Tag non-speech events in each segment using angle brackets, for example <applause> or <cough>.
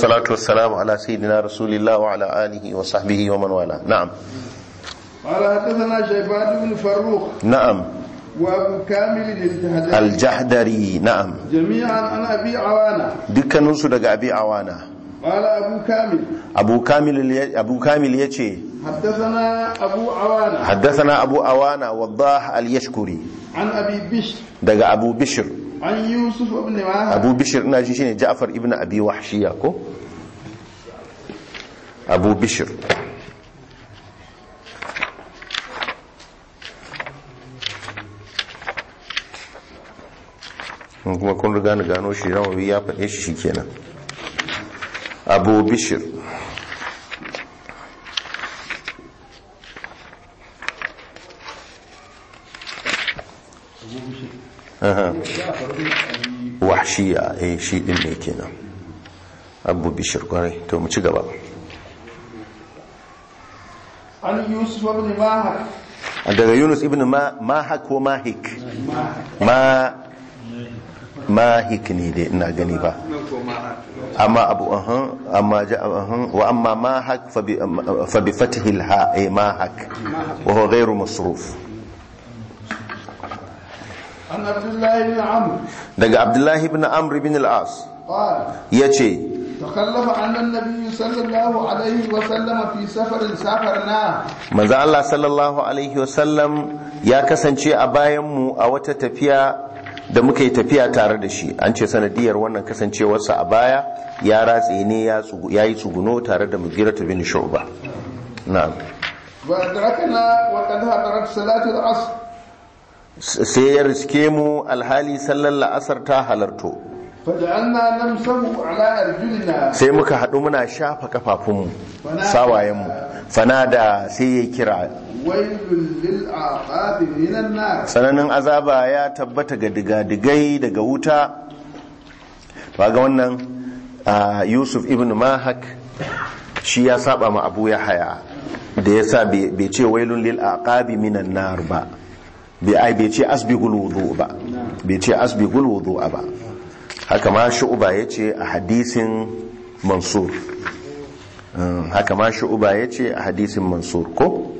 wasalatu wasalamu ala sayyidina rasulillah wa ala alihi wa sahbihi wa man wala na'am qala hadathana shaybani na'am wa abu kamil al-jahdari na'am jami'an abi awana su daga abi awana qala abu kamil abu kamil abu kamil yace hadathana abu awana hadathana abu awana wadah al-yashkuri an abi daga abu bishr an yusuf abu bishir ina ji shine ja'far ibn abi wahshiya ko abu bishir kuma kun riga na gano shi rawawi ya faɗe shi kenan abu bishir <laughs> wahshiya eh shi din ne kenan abu bishir kwarai to mu ci gaba an yusuf daga yunus ibn mahak ko mahik mahik ne dai ina gani ba amma abu ahun amma ahun wa amma mahak fa bi fathil ha eh mahak wa huwa masu rufu daga abdullahi ibn amr ibn al-as yace takallama annan nabiyyu sallallahu alaihi wa fi safarin safarna manzo Allah sallallahu alaihi wa sallam ya kasance a bayan mu a wata tafiya da muka yi tafiya tare da shi an ce sanadiyar wannan kasancewarsa a baya ya ratse ne ya yi tsuguno tare da mugirata bin shu'ba na'am wa wa qad hadarat salatu al-asr sai ya riske mu alhali sallar la'asar ta halarto sai muka haɗu muna shafa kafafunmu sawayenmu fana da sai ya kira tsananin azaba ya tabbata ga diga-digai daga wuta ba ga wannan yusuf ibn mahak shi ya saba ma abu ya haya da ya sa bai ce wailun lil aqabi minan nar ba bai ce asbihul wudu ba bai ce asbihul wudu ba haka ma shu'uba yace a hadisin mansur mm, haka ma shu'uba yace a hadisin mansur ko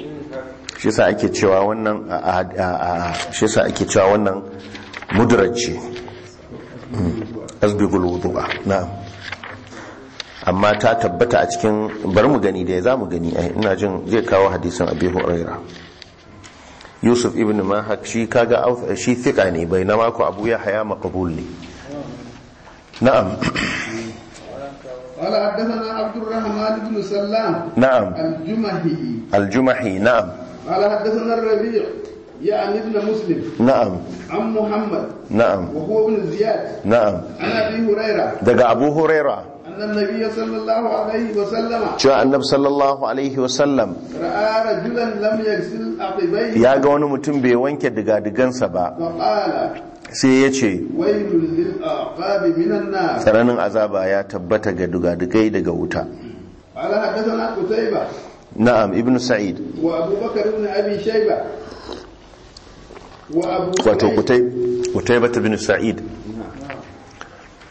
shi sa ake cewa wannan shi sa ake cewa wannan mm, asbihul wudu ba na'am amma ta tabbata a cikin bar mu gani da ya za mu gani eh, ina jin zai kawo hadisin abi raira. yusuf ibn mahak shi kaga shi fika ne bai na mako abu ya haya makabul ne na'am wala haddathana abdurrahman ibn sallam na'am aljumahi na'am wala haddathana rabi' ya ibn muslim na'am am muhammad na'am wa huwa ibn ziyad na'am ana abi hurayra daga abu huraira النبي صلى الله alaihi وسلم جاء النبي ga wani mutum bai wanke diga digansa ba sai ya ce tsaranin azaba ya tabbata ga duga digai daga wuta na'am ibn sa'id wa abubakar ibn abi shayba wato kutai kutai bata bin sa'id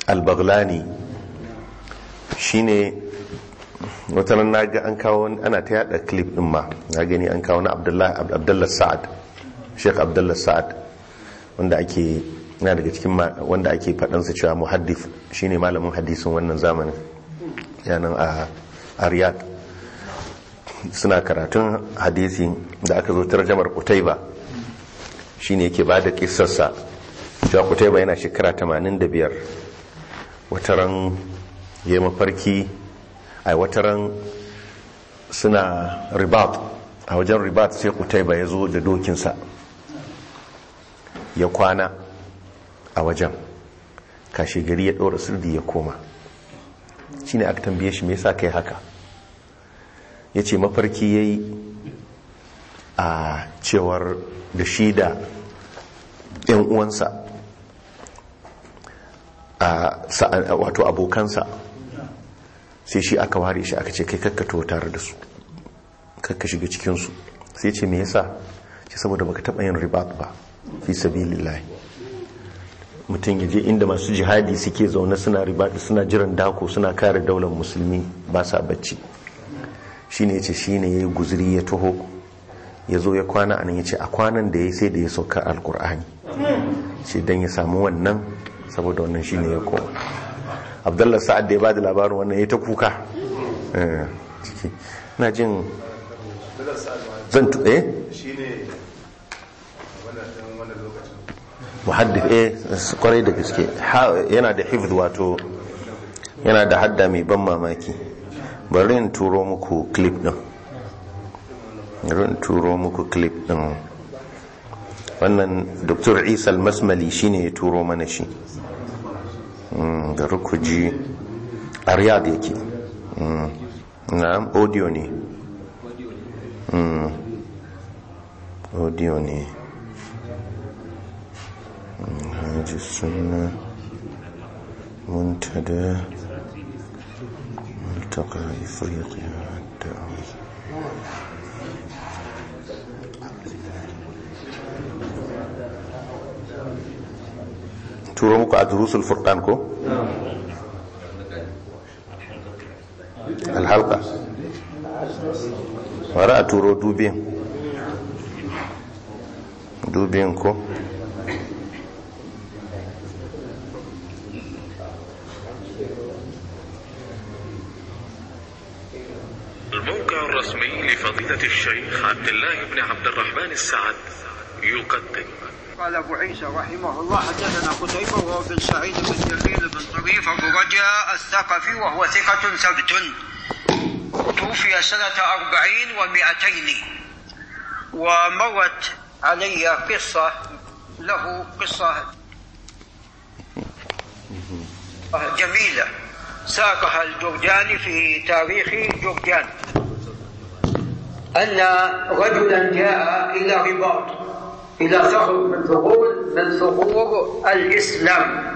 al-baghlani shine wata na ga an kawo ana ta yada clip din ma na gani an kawo na abdullahi sa'ad sheikh abdullahi sa'ad wanda ake na daga cikin wanda ake sa cewa muhaddis shine malamin hadisin wannan zamanin yanan a a suna karatun hadisi da aka zo tarjamar kutaiba shine yake ba da kisarsa cewa kutaiba yana shekara 85 wataran ya mafarki a ran suna ribat a wajen ribat sai kutaiba ya zo da dokinsa ya kwana a wajen kashe gari ya ɗora sirdi ya koma shi ne aka tambaye shi me yasa kai haka ya ce mafarki ya yi a cewar da shi da 'yan uwansa wato abokansa sai shi aka ware shi aka ce kai kakkato tare da su kakka shiga cikinsu sai ce me yasa ce saboda baka taɓa yin ribat ba fi sabilillahi mutum ya je inda masu jihadi suke zaune suna ribaɗi suna jiran dako suna kare daular musulmi ba sa bacci shi ne ya ce shi ne ya yi guziri ya taho ya zo ya kwana a nan ya ce a kwanan da ya yi sai da ya sauka alkur'ani shi don ya samu wannan saboda wannan shi ne ya koma abdullahi sa'ad da ya ba da labarin wannan ya ta kuka eh, na jin zan tuɗe eh? muhaddif eh kwarai da gaske yana da hifz wato yana da hadda mai ban mamaki bari in turo muku clip ɗin. bari in turo muku clip din wannan dr isa almasmali shine ya turo mana shi da rukuji a riyad yake na audio ne audio ne hajji suna muntada multaka afirka چوروں کو دروس الفرقان کو الحلقہ ورا اتورو دوبین دوبین کو الموقع الرسمي لفضيلة الشيخ عبد الله بن عبد الرحمن السعد يقدم قال أبو عيسى رحمه الله حدثنا قتيبة وهو بن سعيد بن جميل بن طريف أبو رجاء الثقفي وهو ثقة ثبت توفي سنة أربعين ومائتين ومرت علي قصة له قصة جميلة ساقها الجرجاني في تاريخ جرجان أن رجلا جاء إلى رباط إلى ثغر من ثغور من ثغور الإسلام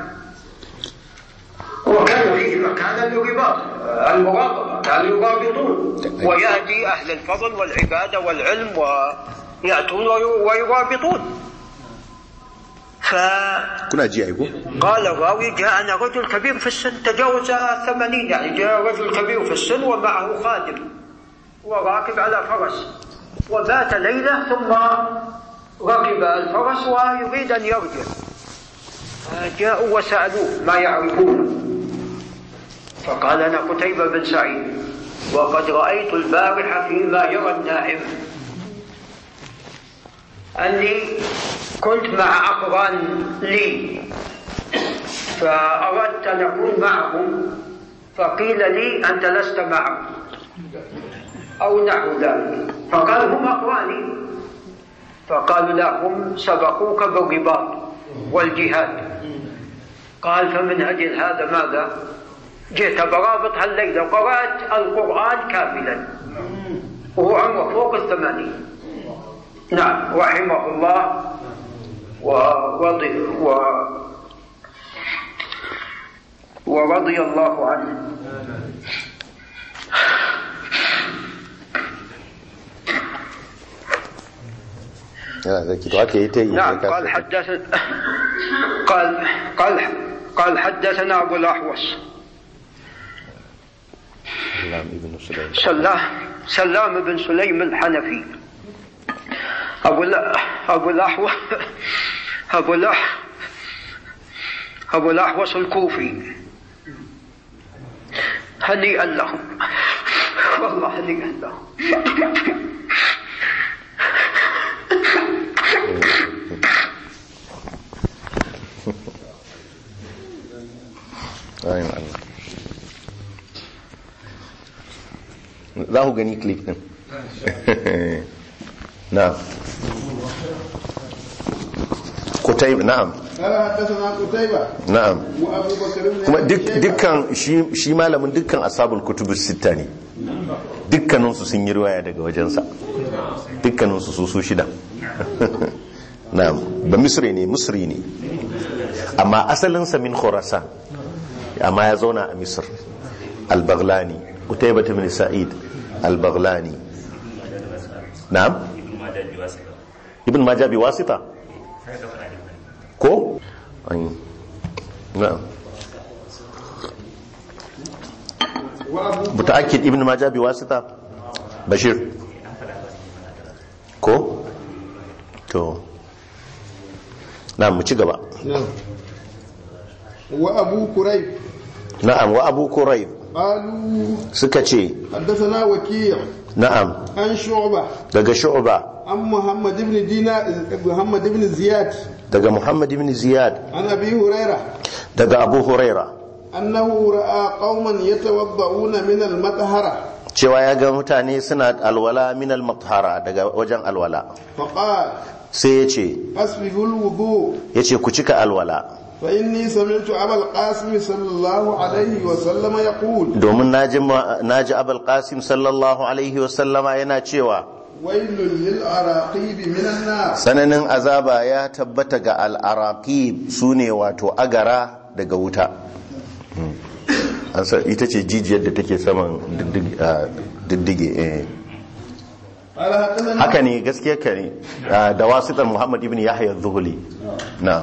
وكانوا فيه مكانا للرباط المرابطة كانوا يرابطون ويأتي أهل الفضل والعبادة والعلم ويأتون ويرابطون ف قال الراوي جاءنا رجل كبير في السن تجاوز الثمانين يعني جاء رجل كبير في السن ومعه خادم وراكب على فرس وبات ليلة ثم ركب الفرس ويريد أن يرجع جاءوا وسألوه ما يعرفون فقال أنا قتيبة بن سعيد وقد رأيت البارحة فيما يرى النائم أني كنت مع أقران لي فأردت أن أكون معهم فقيل لي أنت لست معهم أو نحو ذلك فقال هم أقراني فقالوا لا هم سبقوك بالرباط والجهاد قال فمن أجل هذا ماذا جئت برابط هالليلة وقرأت القرآن كاملا وهو عمره فوق الثمانين نعم رحمه الله ورضي و ورضي الله عنه نعم قال حدثنا <coughs> قال قال قال حدثنا ابو الاحوص سلام ابن سليم سلام سلام بن سليم الحنفي ابو ابو الاحوص <laughs> ابو الاحوص ابو الاحوص الكوفي هنيئا لهم <laughs> والله هنيئا لهم <laughs> za ku gani clip din <laughs> na'am kutai na'am na'am kuma dukkan shi malamin dukkan asabul kutubus sita ne dukkaninsu sun yi ruwaya daga wajensa dukkaninsu su su shida <laughs> na'am ba misri ne misri ne amma asalinsa min khurasan amma ya zauna a misr al-baghlani kutaiba bin sa'id al-baghlani na'am ibn majah bi wasita ko na'am mutaakkid ibn majah wasita bashir ko to na'am mu ci gaba na'am wa na'am قالوا سكتي حدثنا وكيع نعم عن شعبة دقى شعبة عن محمد بن دينا محمد بن زياد دقى محمد بن زياد عن أبي هريرة دقى أبو هريرة أنه رأى قوما من المطهرة cewa ya ga mutane suna alwala min al-mathara daga wajen alwala sai yace ce ya ce ku cika alwala فإني سمعت أبا القاسم صلى الله عليه وسلم يقول دومن ناجي ناجي أبا القاسم صلى الله عليه وسلم ينا تشيوا ويل للعراقيب من النار سننن عذابا يا تبتا ga al-araqib sune wato agara daga wuta ita ce jijiyar da take saman haka ne gaskiya ka ne da wasitar muhammad ibn yahya zuhuli na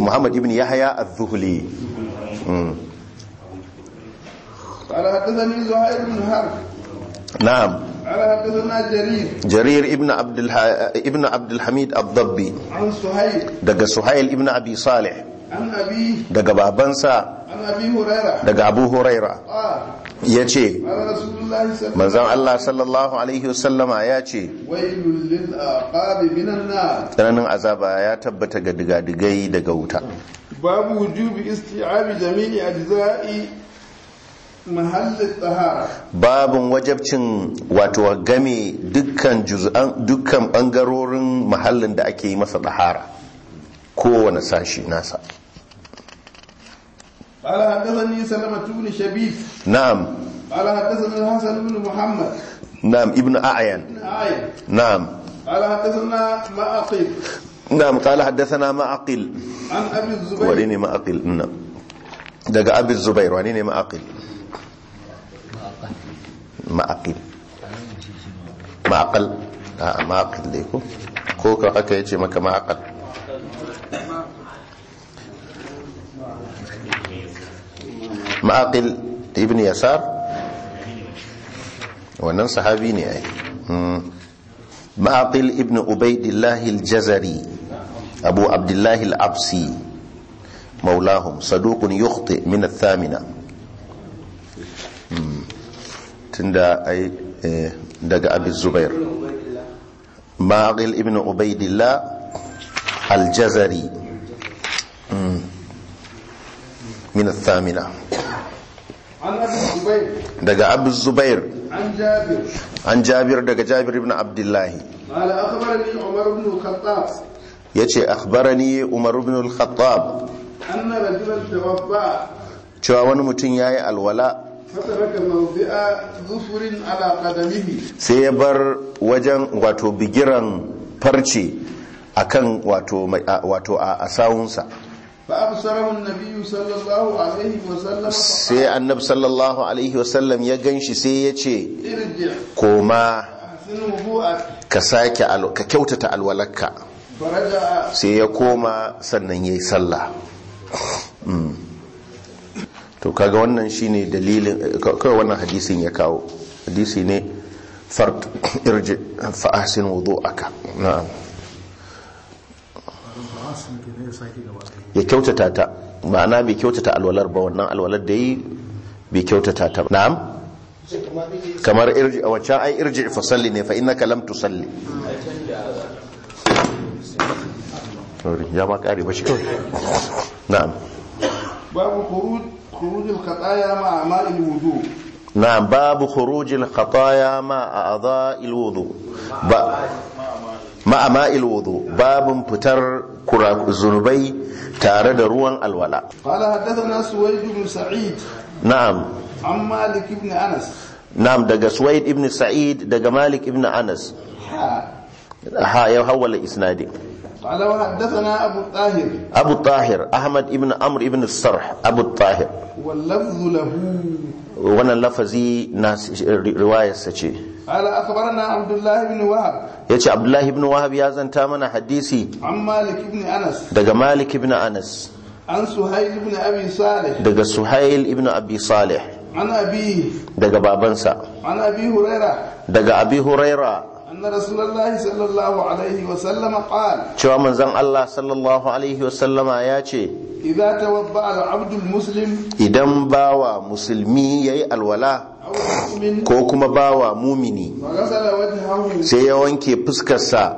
muhammad ibn yahya az-zuhli qala hadathani zuhair jarir jarir ibn abd al-ibn abd daga suhayl ibn abi salih daga babansa daga abu huraira ah. ya ce manzan Allah sallallahu alaihi wasallama ya ce tsananin azaba ya tabbata ga digadigai daga wuta babu wujubi isti'abi jami'i ajza'i mahallin wajabcin wato game dukkan juz'an dukkan bangarorin mahallin da ake yi masa tsahara, kowane sashi nasa قال حدثني سلمة بن شبيب نعم قال حدثنا الحسن بن محمد نعم ابن أعين نعم قال حدثنا ما أقل نعم قال حدثنا ما أقل عن أبي الزبير وليني ما أقل نعم دقى أبي الزبير وليني ما أقل ما أقل ما أقل ما أقل ديكو ko ka aka yace maka ma معاقل ابن يسار ونن صحابي نهائي معاقل ابن عبيد الله الجزري ابو عبد الله العبسي مولاهم صدوق يخطئ من الثامنه تندا اي إيه، دغ ابي الزبير معاقل ابن عبيد الله الجزري من الثامنه daga abu zubair an jabir daga jabir ibn abdullahi ya ce akbarani umar ibn al-khattab cewa wani mutum ya yi alwala sai ya bar wajen wato bigiran farce akan wato a sawunsa sai annab sallallahu alaihi wasallam ya gan shi sai ya ce koma ka sake ka kyautata alwalakka sai ya koma sannan ya yi sallah hmm. to kaga wannan shi ne dalilin kawai wannan hadisin ya kawo hadisi ne fard irji fa'asin aka. na'am ya kyautata ta ma'ana bai kyautata alwalar ba wannan alwalar da yi bai kyautata ta na'am kamar irji a wacce ai irji fasalli ne na kalam tu salli. ya ma kare ba shi kawai na'am babu kurujin kataya ma a amalil wudu na'am babu kurujin kataya ma a a'dha'il wudu Ma'a ma ama'il wudu babun fitar zunubai tare da ruwan alwala qala haddathana suwaid ibn sa'id na'am an malik ibn anas na'am daga suwaid ibn sa'id daga malik ibn anas ha ya hawala isnadin Abu-Tahir أبو الطاهر أبو Ibn أحمد ابن عمرو ابن الصرح أبو الطاهر واللفظ له وانا na ناس رواية سچي قال أخبرنا عبد الله بن وهب يتي عبد الله بن وهب يازن تامنا حديثي عن مالك بن أنس دقى مالك بن أنس عن سهيل بن أبي صالح دقى سهيل بن أبي صالح عن أبيه دقى بابنسا عن أبي هريرة دقى أبي هريرة أن رسول الله صلى الله عليه وسلم قال شو من زن الله صلى الله عليه وسلم آياتي إذا توبع العبد المسلم إذا باوى مسلمي يأي الولاء ko kuma bawa mumini sai ya wanke fuskarsa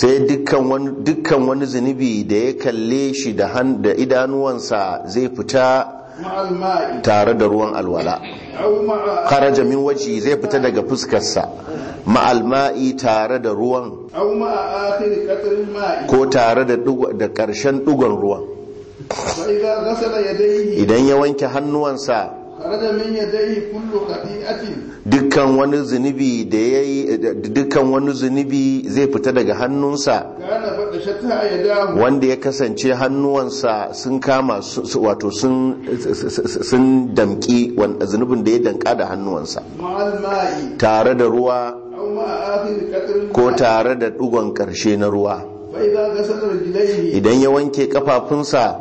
sai dukkan wani zunubi da ya kalle shi da idanuwansa zai fita tare da ruwan alwala kharaja min waji zai fita daga fuskarsa ma'alma'i tare da ruwan ko tare da ƙarshen ɗugon ruwan idan ya wanke hannuwansa dukkan wani zunubi dukkan wani zunubi zai fita daga hannunsa wanda ya kasance hannuwansa sun kama wato sun damki zunubin da ya danka da hannuwansa tare da ruwa ko tare da dugon karshe na ruwa idan ya wanke kafafunsa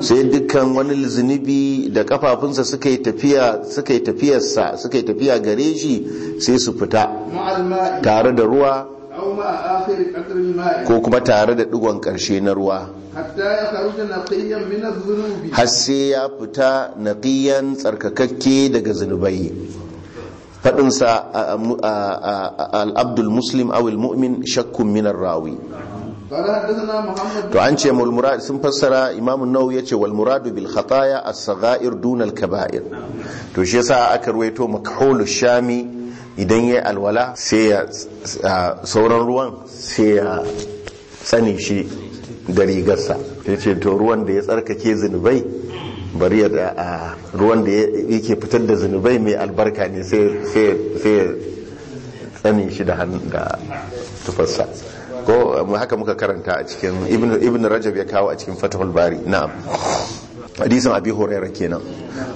sai dukkan wani zunubi da kafafunsa suka yi tafiyarsa suka yi tafiya gare shi sai su fita tare da ruwa ko kuma tare da digon karshe na ruwa har sai ya fita naqiyan tsarkakakke daga zunubai faɗinsa al'abdul muslim awil mu'min shakkun minar rawi to an ce mulmurad sun fassara imamun nau ya ce walmuradu bil khataya a saga'ir dunal kaba'ir to shi sa aka ruwaito makaholu shami idan ya alwala sai ya sauran ruwan sai ya tsane shi da rigarsa ya ce to ruwan da ya tsarkake zunubai bari a ruwan da yake fitar da zunubai mai albarka ne sai tsanin shi da hannun da tufarsa ko haka muka karanta a cikin ibn rajab ya kawo a cikin fatahul bari na hadisin abi huraira kenan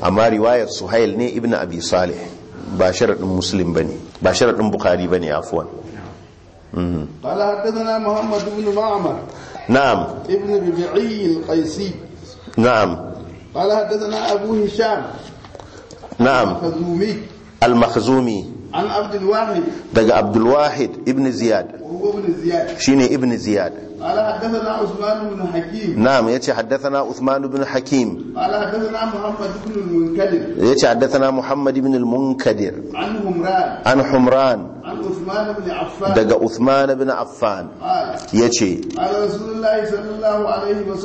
amma riwayar suhail ne ibn abi salih ba sharadin muslim bane ba sharadin bukhari bane afwan mm-hmm. قال حدثنا محمد بن معمر نعم ابن ربيعي القيسي نعم قال حدثنا أبو هشام نعم المخزومي المخزومي عن عبد الواحد دقى عبد الواحد ابن زياد وهو ابن زياد شيني ابن زياد قال حدثنا عثمان بن حكيم نعم يتي حدثنا عثمان بن حكيم قال حدثنا محمد بن المنكدر يتي حدثنا محمد بن المنكدر عن حمران عن حمران daga Uthman bin Affan yace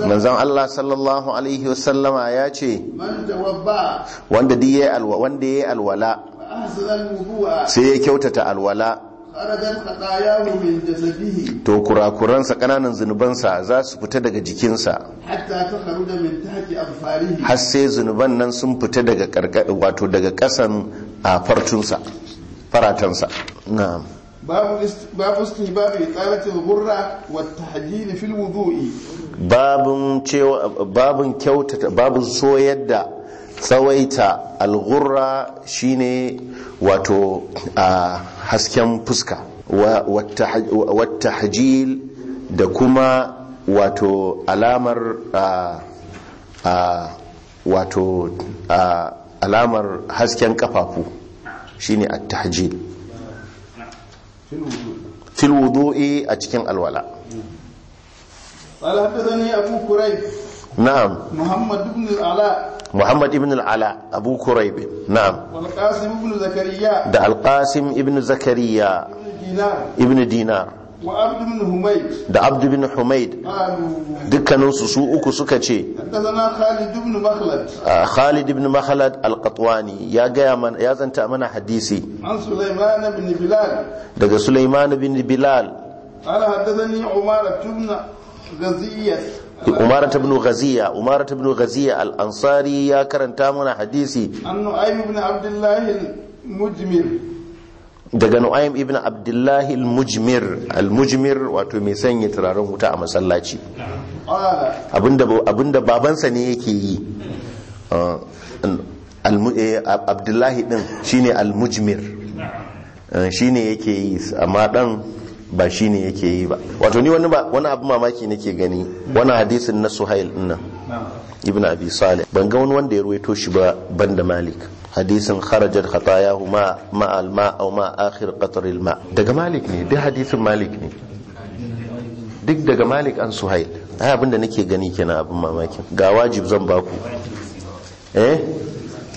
manzon Allah sallallahu alaihi wasallama yace wanda diye alwa wanda yayi alwala sai ya kyautata alwala to kurakuransa kananan zunubansa za su fita daga jikinsa har sai zunuban nan sun fita daga wato daga kasan a fartunsa faratansa na'am babu babu istihbabi italati al-ghurra wa at-tahdil fi tsawaita al shine wato hasken fuska wa da kuma wato alamar hasken ƙafafu. shine at fil wudu'i a cikin alwala na'am muhammad ibn al-ala muhammad na'am da al qasim ibn zakariya ibn dinar da abdu bin humaid dukkaninsu su uku suka ce khalid ibn makhalad ah, al-qatwani ya gaya mana ya zanta mana hadisi daga sulaiman bin bilal قال حدثني عمارة بن غزية عمارة بن Gaziya عمارة بن غزية الأنصاري يا daga nu'aym ibn abdullah al-mujmir al-mujmir wato mai sanya turaren wuta a masallaci abinda babansa ne yake yi uh, eh, abdullahi din shine al-mujmir uh, shine yake yi amma dan ba shine yake yi ba wato ni wani abu mamaki nake gani wani hadisin na suhail din nan ibn abi salih ban ga wani wanda ya ruwaito shi ba banda malik hadisin kharajar khatayahum ma ma'al ma aw ma akhir qatr al ma daga malik ne duk hadisin malik ne duk daga malik an suhail ai abinda nake gani kenan abin mamakin ga wajib zan baku eh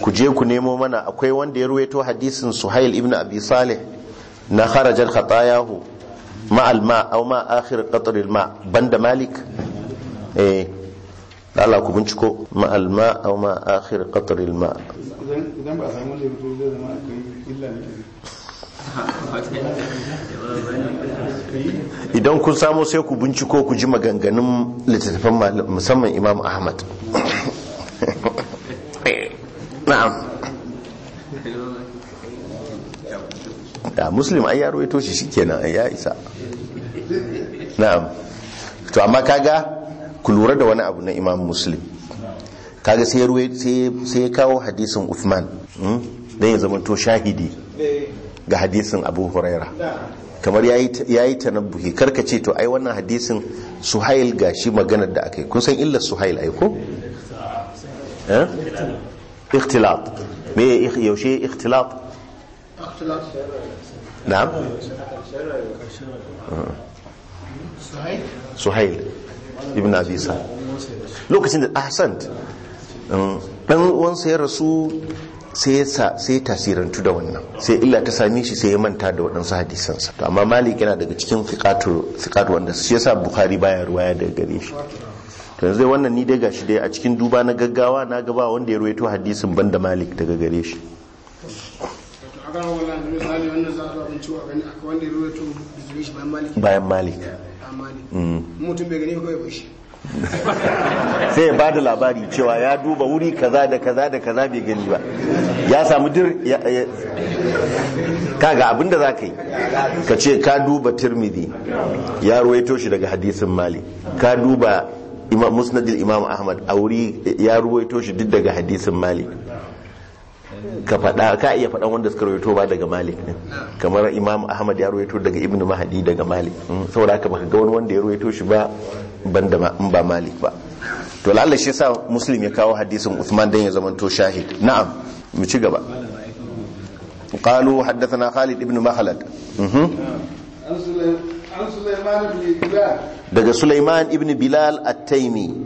ku je ku nemo mana akwai wanda ya ruwaito hadisin suhail ibn abi salih na kharajar khatayahu ma al ma aw ma akhir qatr al ma banda malik eh Allah ku binciko ma'al ma aw ma akhir qatar al ma idan ba samu da mutum zai zama kai illa ne idan kun samu sai ku binciko ku ji maganganun littattafan musamman Imam Ahmad <laughs> na'am da muslim ai ya rawaito shi shikenan ya isa na'am to amma kaga ku lura da wani abu na imam muslim kaga sai ya kawo hadisin uthman hmm? don ya to shahidi ga hadisin abu huraira kamar ya yi tanabbuhi karkace to ai wannan hadisin suhail ga shi maganar da aka yi kun san illar suhail ai ko? Eh? ikhtilat me yaushe ikhtilat? na'am? suhail ibn Abisa. lokacin da ahsant dan um, uwansa ya rasu sai ya tasirantu da wannan sai illa ta same shi sai ya manta da waɗansu hadisansa to amma malik yana daga cikin fiqatu wanda shi yasa bukhari baya ruwaya daga gare shi to yanzu wannan ni dai gashi dai a cikin duba na gaggawa na gaba wanda ya ruwaito hadisin banda malik daga gare shi bayan malik Mm. mutum bai gani kawai sai ya ba da labari cewa ya duba wuri kaza da kaza da kaza bai gani ba ya samu dir kaga abinda za ka yi ka ce ka duba turmidi ya ruwaito shi daga hadisin mali ka duba musnadil imam ahmad a wuri ya ruwaito shi duk daga hadisin mali ka faɗa ka iya faɗan wanda suka rawaito ba daga malik din kamar imam ahmad ya rawaito daga ibn mahdi daga malik mm, saboda haka baka ga wani wanda ya rawaito shi ba banda in ba malik ba to lalla shi yasa muslim ya kawo hadisin Usman dan ya zamanto shahid na'am mu ci gaba قالوا حدثنا خالد ابن مخلد daga Sulaiman ibn Bilal at Taymi.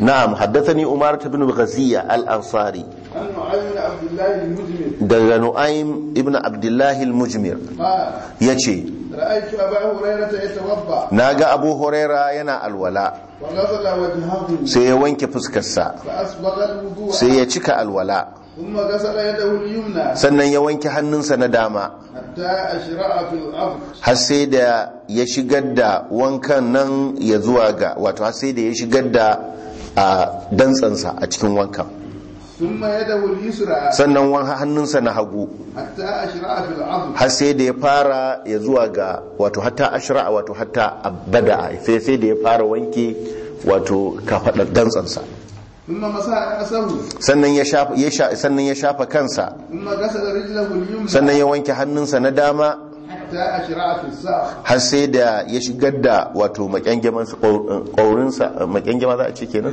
na'am haddasa ni umar ibn ghaziyya al-ansari daga nu'aym ibn abdullahi al yace na ga abu huraira yana alwala sai ya wanke fuskarsa sai ya cika alwala sannan ya wanke hannunsa na dama har sai da ya shigar da wankan nan ya zuwa ga wato har sai da ya shigar da dantsansa a cikin wankan sannan wanka hannunsa na hagu har sai da ya fara ya zuwa ga wato hatta ashira wato hatta abada sai da ya fara wanke wato kafaɗar dantsansa sannan ya shafa kansa sannan ya wanke hannunsa na dama har sai da ya shigar da wato makyangemansa eh, eh, makyangema za a ce kenan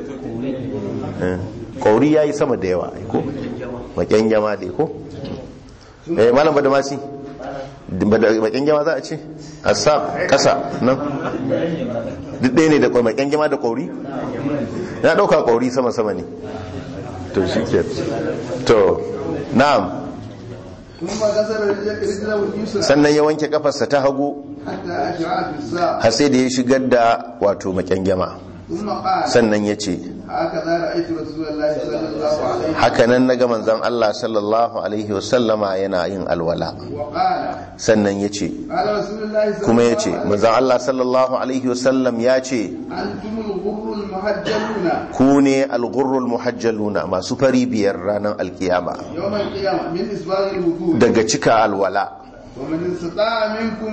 kauri eh, ya yi sama da yawa ko makyangema da ko eh malam badamasi makyangema za a ce asab kasa nan duk ɗaya ne da makyangema da kauri na dauka kauri sama sama ne to ke to na'am sannan ya wanke kafarsa ta hagu har sai da ya shigar da wato makyangyama sannan ya ce hakanan na ga zan Allah sallallahu alaihi wasallama yana yin alwala sannan ya ce kuma ya ce manzan Allah sallallahu alaihi wasallam ya ce ku ne algurrul muhajjaluna masu fari biyar ranar alkiyama daga cika alwala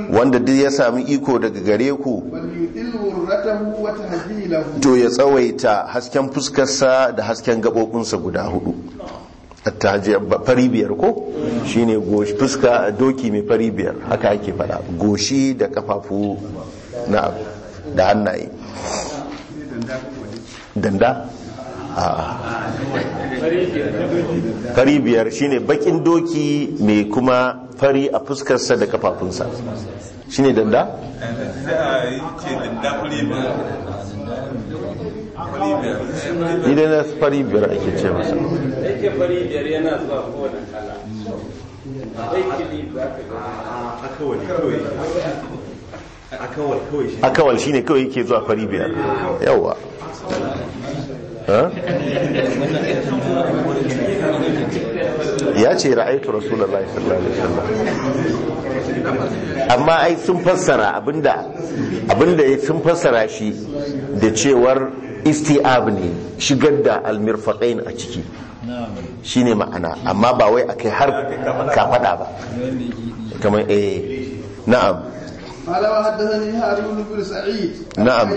wanda duk ya sami iko daga gare ku to ya tsawaita hasken fuskarsa da hasken gabobinsa guda hudu fari biyar ko shine goshi fuska doki mai fari biyar haka ake fada goshi da kafafu na da hannaye danda fari biyar shine bakin doki mai kuma fari a fuskarsa da kafafunsa ne danda idan fari biyar ake ce masa fari biyar yana zuwa kowane akawal kawai shine kawai yake zuwa fari biyar yawa ya ce ra'aitu rasulallah sallallahu alaihi wasallam amma ai sun fassara abinda abinda sun fassara shi da cewar isti'ab ne shigar da almirfaqain a ciki shine ma'ana amma ba wai akai har ka fada ba kamar eh na'am قال وحدثني هارون بن سعيد نعم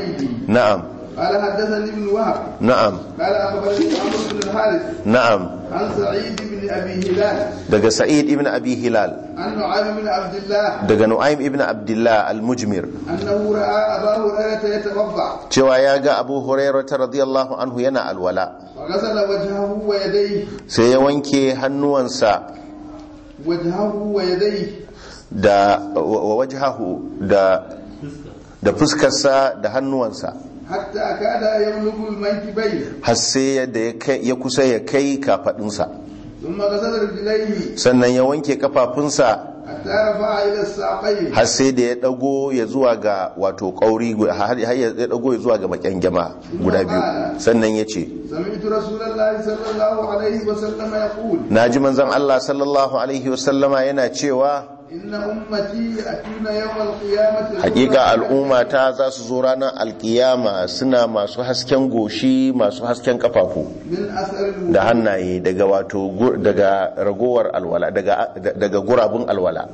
نعم قال حدثني ابن وهب نعم قال اخبرني عمرو بن الحارث نعم عن سعيد بن ابي هلال دغ سعيد ابن ابي هلال عن نعيم بن عبد الله دغ نعيم ابن عبد الله المجمر انه راى ابا هريره يتوضا cewa ya ga abu hurairah radiyallahu anhu yana alwala غسل وجهه ويديه sai ya wanke hannuwansa وجهه ويديه da wajhahu da da fuskarsa da hannuwansa hatta kada lugul manki mankibai har sai yadda ya kusa ya kai kafadinsa thumma ghasala rijlaihi sannan ya wanke kafafunsa har sai da ya dago ya zuwa ga wato kauri har ya dago ya zuwa ga makyangema guda biyu sannan ya ce na ji manzan Allah sallallahu alaihi wasallama yana cewa hakika al'umma ta za su zo ranar alkiyama suna masu hasken goshi masu hasken kafafu da hannaye daga wato daga ragowar alwala daga gurabun alwala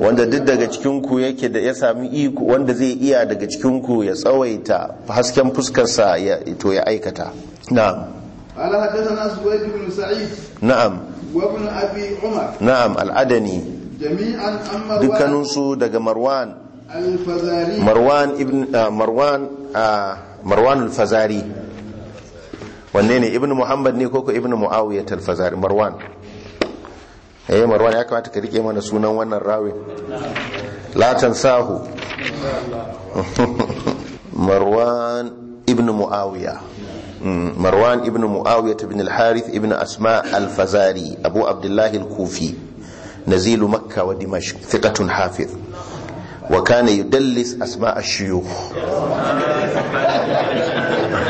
wanda duk daga cikinku yake da ya sami iko wanda zai iya daga cikinku ya tsawaita hasken fuskarsa ya to ya aikata na'am قال حدثنا سويد بن سعيد نعم وابن ابي عمر نعم العدني جميعا مروان الفزاري مروان ابن مروان مروان الفزاري wanne ne ibn muhammad ne koko ibn muawiya talfazari marwan eh marwan ya kamata ka rike mana sunan wannan rawin latan sahu. marwan ibn muawiya مروان ابن معاوية بن الحارث ابن أسماء الفزاري أبو عبد الله الكوفي نزيل مكة ودمشق ثقة حافظ وكان يدلس أسماء الشيوخ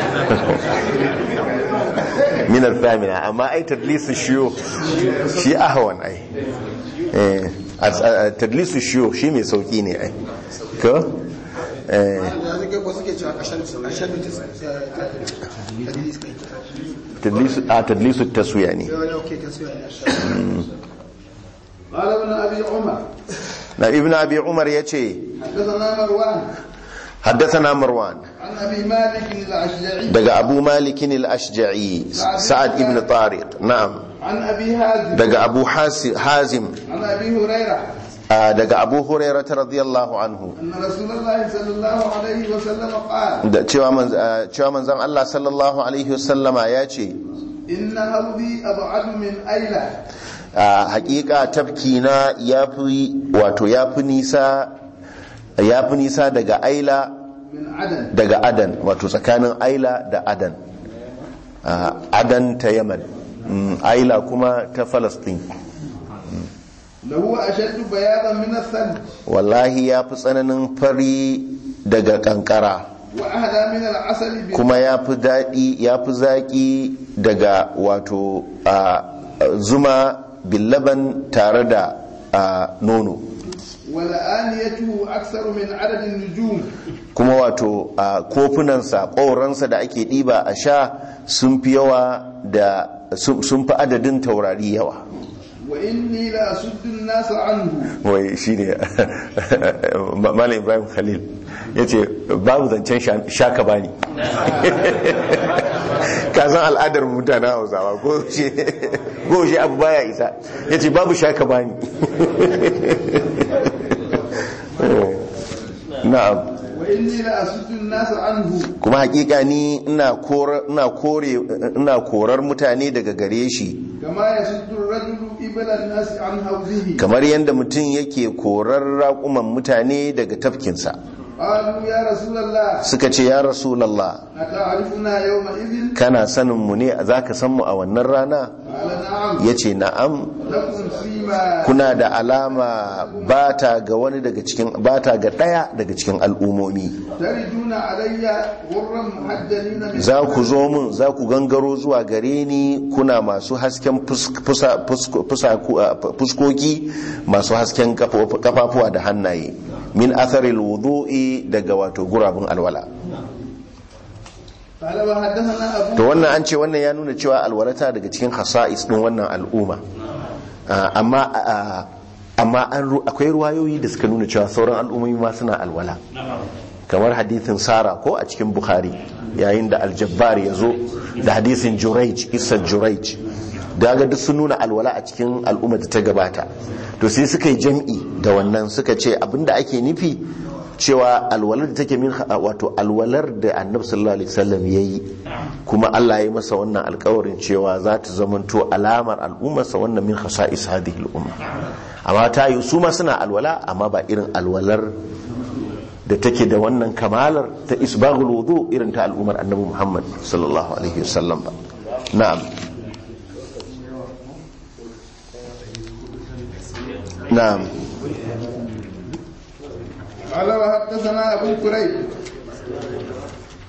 <laughs> من الثامنة أما أي تدليس الشيوخ شيء أهون أي إيه. تدليس الشيوخ شيء مي سوكيني أي كو إيه. kuma suke ne. Tadlisu tasuya Umar. Na ibina abi Umar ya ce, Haddasana Marwan. Daga Abu Malikin al’ashja’i, Sa’ad ibn Tariq, Daga Abu Hazim. daga abu huraira ta radiyallahu anhu da cewa manzan allah sallallahu alaihi wasallama ya ce inna harbi abu min aila a hakika tafkina ya fi wato ya fi nisa nisa daga aila daga adan wato tsakanin aila da adan adan ta yamal aila kuma ta falastin lahu ashaddu bayadan min as wallahi ya fi tsananin fari daga kankara kuma ya fi daɗi ya fi zaƙi daga wato a zuma billaban tare da nono kuma wato a kofunansa ƙoransa da ake ɗiba a sha sun fi yawa da sun fi adadin taurari yawa wa inni la asuddun nasa anhu wai shine <laughs> malam ibrahim khalil yace babu zancen shaka bani <laughs> ka san al'adar mutane hausawa ko shi ko shi abu baya isa yace babu shaka bani <laughs> na'am kuma hakika ni ina korar mutane daga gare shi kamar yadda mutum yake korar raƙuman mutane daga tafkinsa suka ce ya rasulallah kana sanin mu ne zaka san mu a wannan rana yace na'am kuna da alama ba ta ga wani daga cikin ba ga ɗaya daga cikin al'umomi za ku zo mun za ku gangaro zuwa gare ni kuna masu hasken fuskoki masu hasken kafafuwa da hannaye min atharil wudu'i daga wato gurabun alwala to wannan an ce wannan ya nuna cewa alwalata daga cikin hasa'is din wannan al'umma ah, amma ah, amma akwai ruwayoyi da suka nuna cewa sauran al'ummomi ma suna alwala kamar hadithin sara ko a cikin bukhari yayin da aljabbar ya zo da hadithin juraij isa juraij daga duk sun nuna alwala a cikin al'umma da ta gabata to sai suka yi jam'i ga wannan suka ce abinda ake nufi cewa alwalar da take min wato alwalar da annabi sallallahu alaihi wasallam yayi kuma Allah ya yi masa wannan alƙawarin cewa za ta alamar al'ummar sa wannan min khasa'is hadhihi al'umma amma ta yi su ma suna alwala amma ba irin alwalar da take da wannan kamalar ta isbaghul wudu irin ta al'ummar annabi Muhammad sallallahu alaihi wasallam ba na'am na'am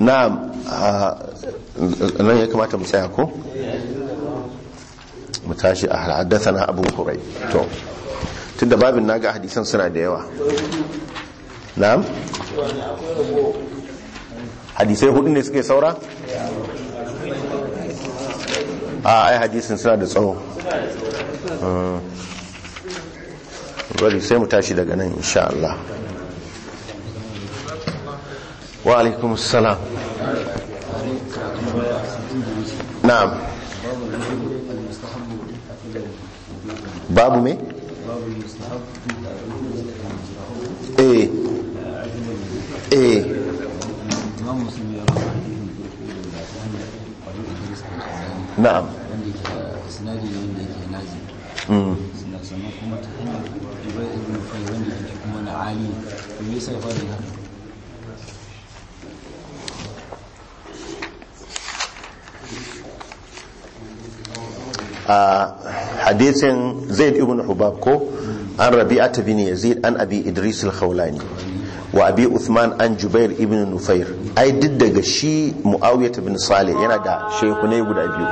na'am nan ya kamata mu tsaya ko mu tashi a haddathana abu kurai to tunda babin naga hadisan suna da yawa na'am hadisai hudu ne suke saura a ai hadisin suna da tsawo bari sai mu tashi daga nan insha Allah wa alaikum salam na'am babu me eh eh na a hadisin zaid ibn hubab ko an rabi'ata bin yazid an abi idris al-khawlani wa abi uthman an jubair ibn nufair ai duk daga shi muawiyah ibn salih yana da ne guda biyu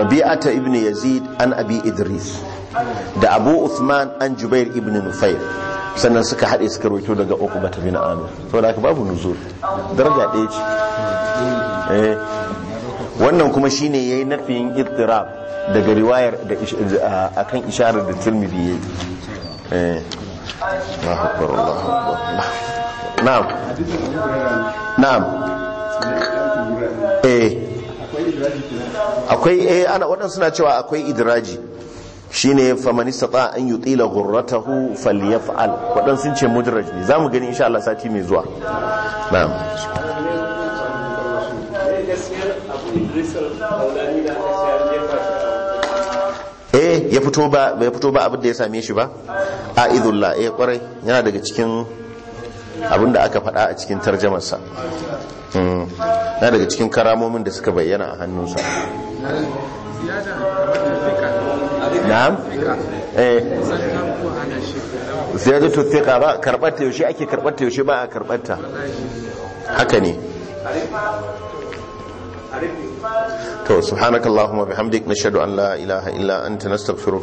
rabi'ata ibn yazid an abi idris da abu uthman an jubair ibn nufair sannan suka haɗe suka roito daga uku bata bin amir saboda haka babu nuzul daraja ɗaya ce eh. wannan kuma shine yayi nafiyin ittirab daga riwayar da akan isharar da tilmidi yayi eh Allahu akbar Allahu akbar na'am na'am eh akwai eh ana waɗansu suna cewa akwai idraji shine faman istata an yutila ghurratahu falyaf'al waɗansu sun ce mudraj ne zamu gani insha Allah sati mai zuwa na'am eh ya fito ba bai fito ba abin da ya same shi ba a idullah eh kwarai yana daga cikin abin da aka faɗa a cikin tarjamarsa hmm, yana daga cikin karamomin da suka bayyana a hannunsa na'am eh ziyadatu thiqa ba karbar ta yaushe ake karbar ta yaushe ba a karbar ta haka ne to subhanakallahumma bihamdik nashhadu an la ilaha illa anta nastaghfiruka